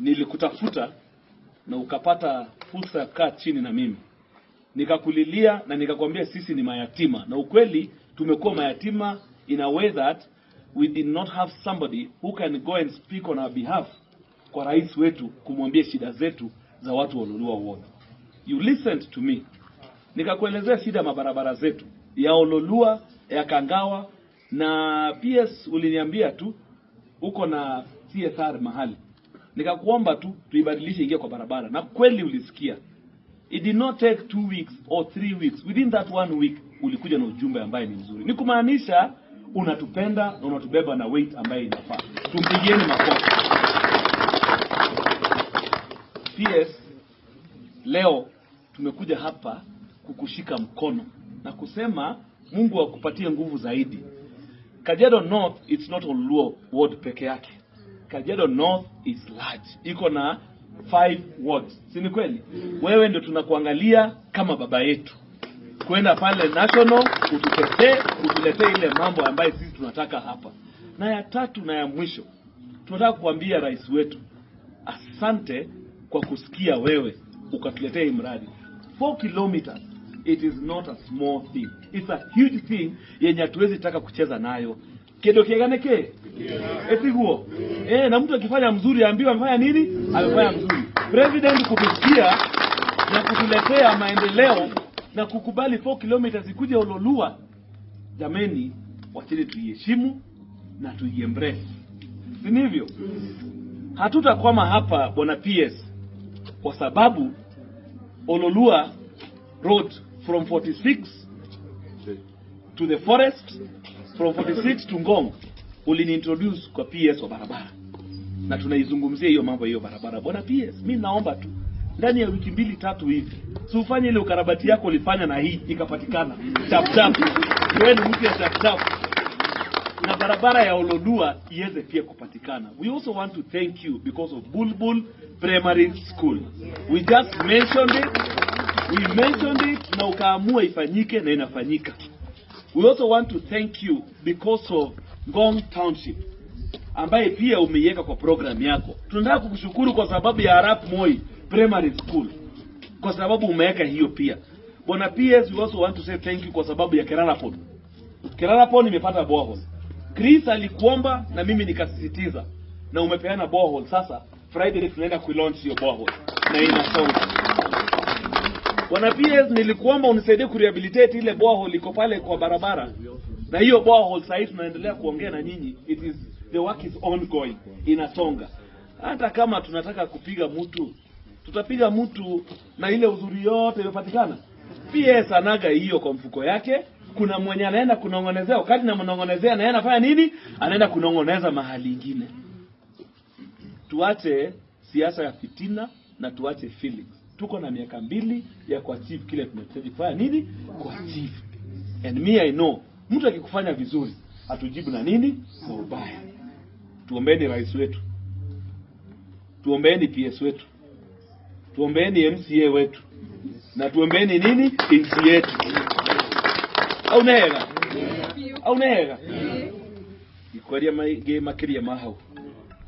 nilikutafuta na ukapata fursa ya kukaa chini na mimi, nikakulilia na nikakwambia sisi ni mayatima, na ukweli tumekuwa mayatima in a way that we did not have somebody who can go and speak on our behalf kwa rais wetu kumwambia shida zetu za watu wa Ololua Ward. You listened to me, nikakuelezea shida mabarabara zetu ya Ololua ya Kangawa, na PS uliniambia tu uko na CSR mahali nikakuomba tu tuibadilishe ingie kwa barabara, na kweli ulisikia. It did not take two weeks or three weeks, within that one week ulikuja na ujumbe ambaye ni mzuri. Ni kumaanisha unatupenda na unatubeba na weight ambaye inafaa. Tumpigieni makofi. PS, leo tumekuja hapa kukushika mkono na kusema Mungu akupatie nguvu zaidi. Kajiado North it's not Luo ward peke yake Kajiado North is large, iko na five wards, si ni kweli? Wewe ndio tunakuangalia kama baba yetu kwenda pale national ututetee, utuletee ile mambo ambayo sisi tunataka hapa. Na ya tatu na ya mwisho, tunataka kuambia rais wetu asante kwa kusikia wewe ukatuletea hii mradi 4 kilometers It is not a small thing. It's a huge thing yenye hatuwezi taka kucheza nayo. Kitu kingane ke? Eti huo. Eh, na mtu akifanya mzuri aambiwa amefanya nini? Amefanya mzuri. President kupitia na kutuletea maendeleo na kukubali 4 kilometers ikuje Ololua. Jameni, wachini tuiheshimu na tuiembrace. Si hivyo? Hatutakwama hapa bwana PS kwa sababu Ololua road from 46 to the forest from 46 to Ngong uliniintroduce kwa PS wa barabara, na tunaizungumzia hiyo mambo hiyo barabara. Bwana PS, mi naomba tu ndani ya wiki mbili tatu hivi, si ufanye ile ukarabati yako ulifanya na hii ikapatikana chap chap, wewe ni mtu ya chap chap, na barabara ya Olodua iweze pia kupatikana. We also want to thank you because of Bulbul Primary School. We just mentioned it, we mentioned it na ukaamua ifanyike na inafanyika. We also want to thank you because of Ngong Township ambaye pia umeiweka kwa programu yako. Tunataka kukushukuru kwa sababu ya Arap Moi Primary School kwa sababu umeweka hiyo pia. Bwana PS, we also want to say thank you kwa sababu ya Kerala Pond. Kerala Pond imepata borehole. Chris alikuomba na mimi nikasisitiza na umepeana borehole. Sasa Friday tunaenda kuilaunch hiyo borehole na ina inasonga. Bwana PS, nilikuomba unisaidie kurehabilitate ile borehole iko pale kwa barabara na hiyo borehole sasa tunaendelea kuongea na nyinyi, it is the work is ongoing inasonga. Hata kama tunataka kupiga mtu, tutapiga mtu na ile uzuri yote imepatikana. PS anaga hiyo kwa mfuko yake. Kuna mwenye anaenda kunong'onezea, wakati na mnong'onezea na yeye anafanya nini? Anaenda kunong'oneza mahali ingine. Tuache siasa ya fitina na tuache Felix. Tuko na miaka mbili ya kuachieve kile tunachotaka kufanya nini? Kuachieve. And me I know Mtu akikufanya vizuri atujibu na nini kwa ubaya. Tuombeeni rais wetu, tuombeeni PS wetu, tuombeeni MCA wetu na tuombeeni nini nchi yetu. Au nehera au nehera ikwaria maige makiria mahau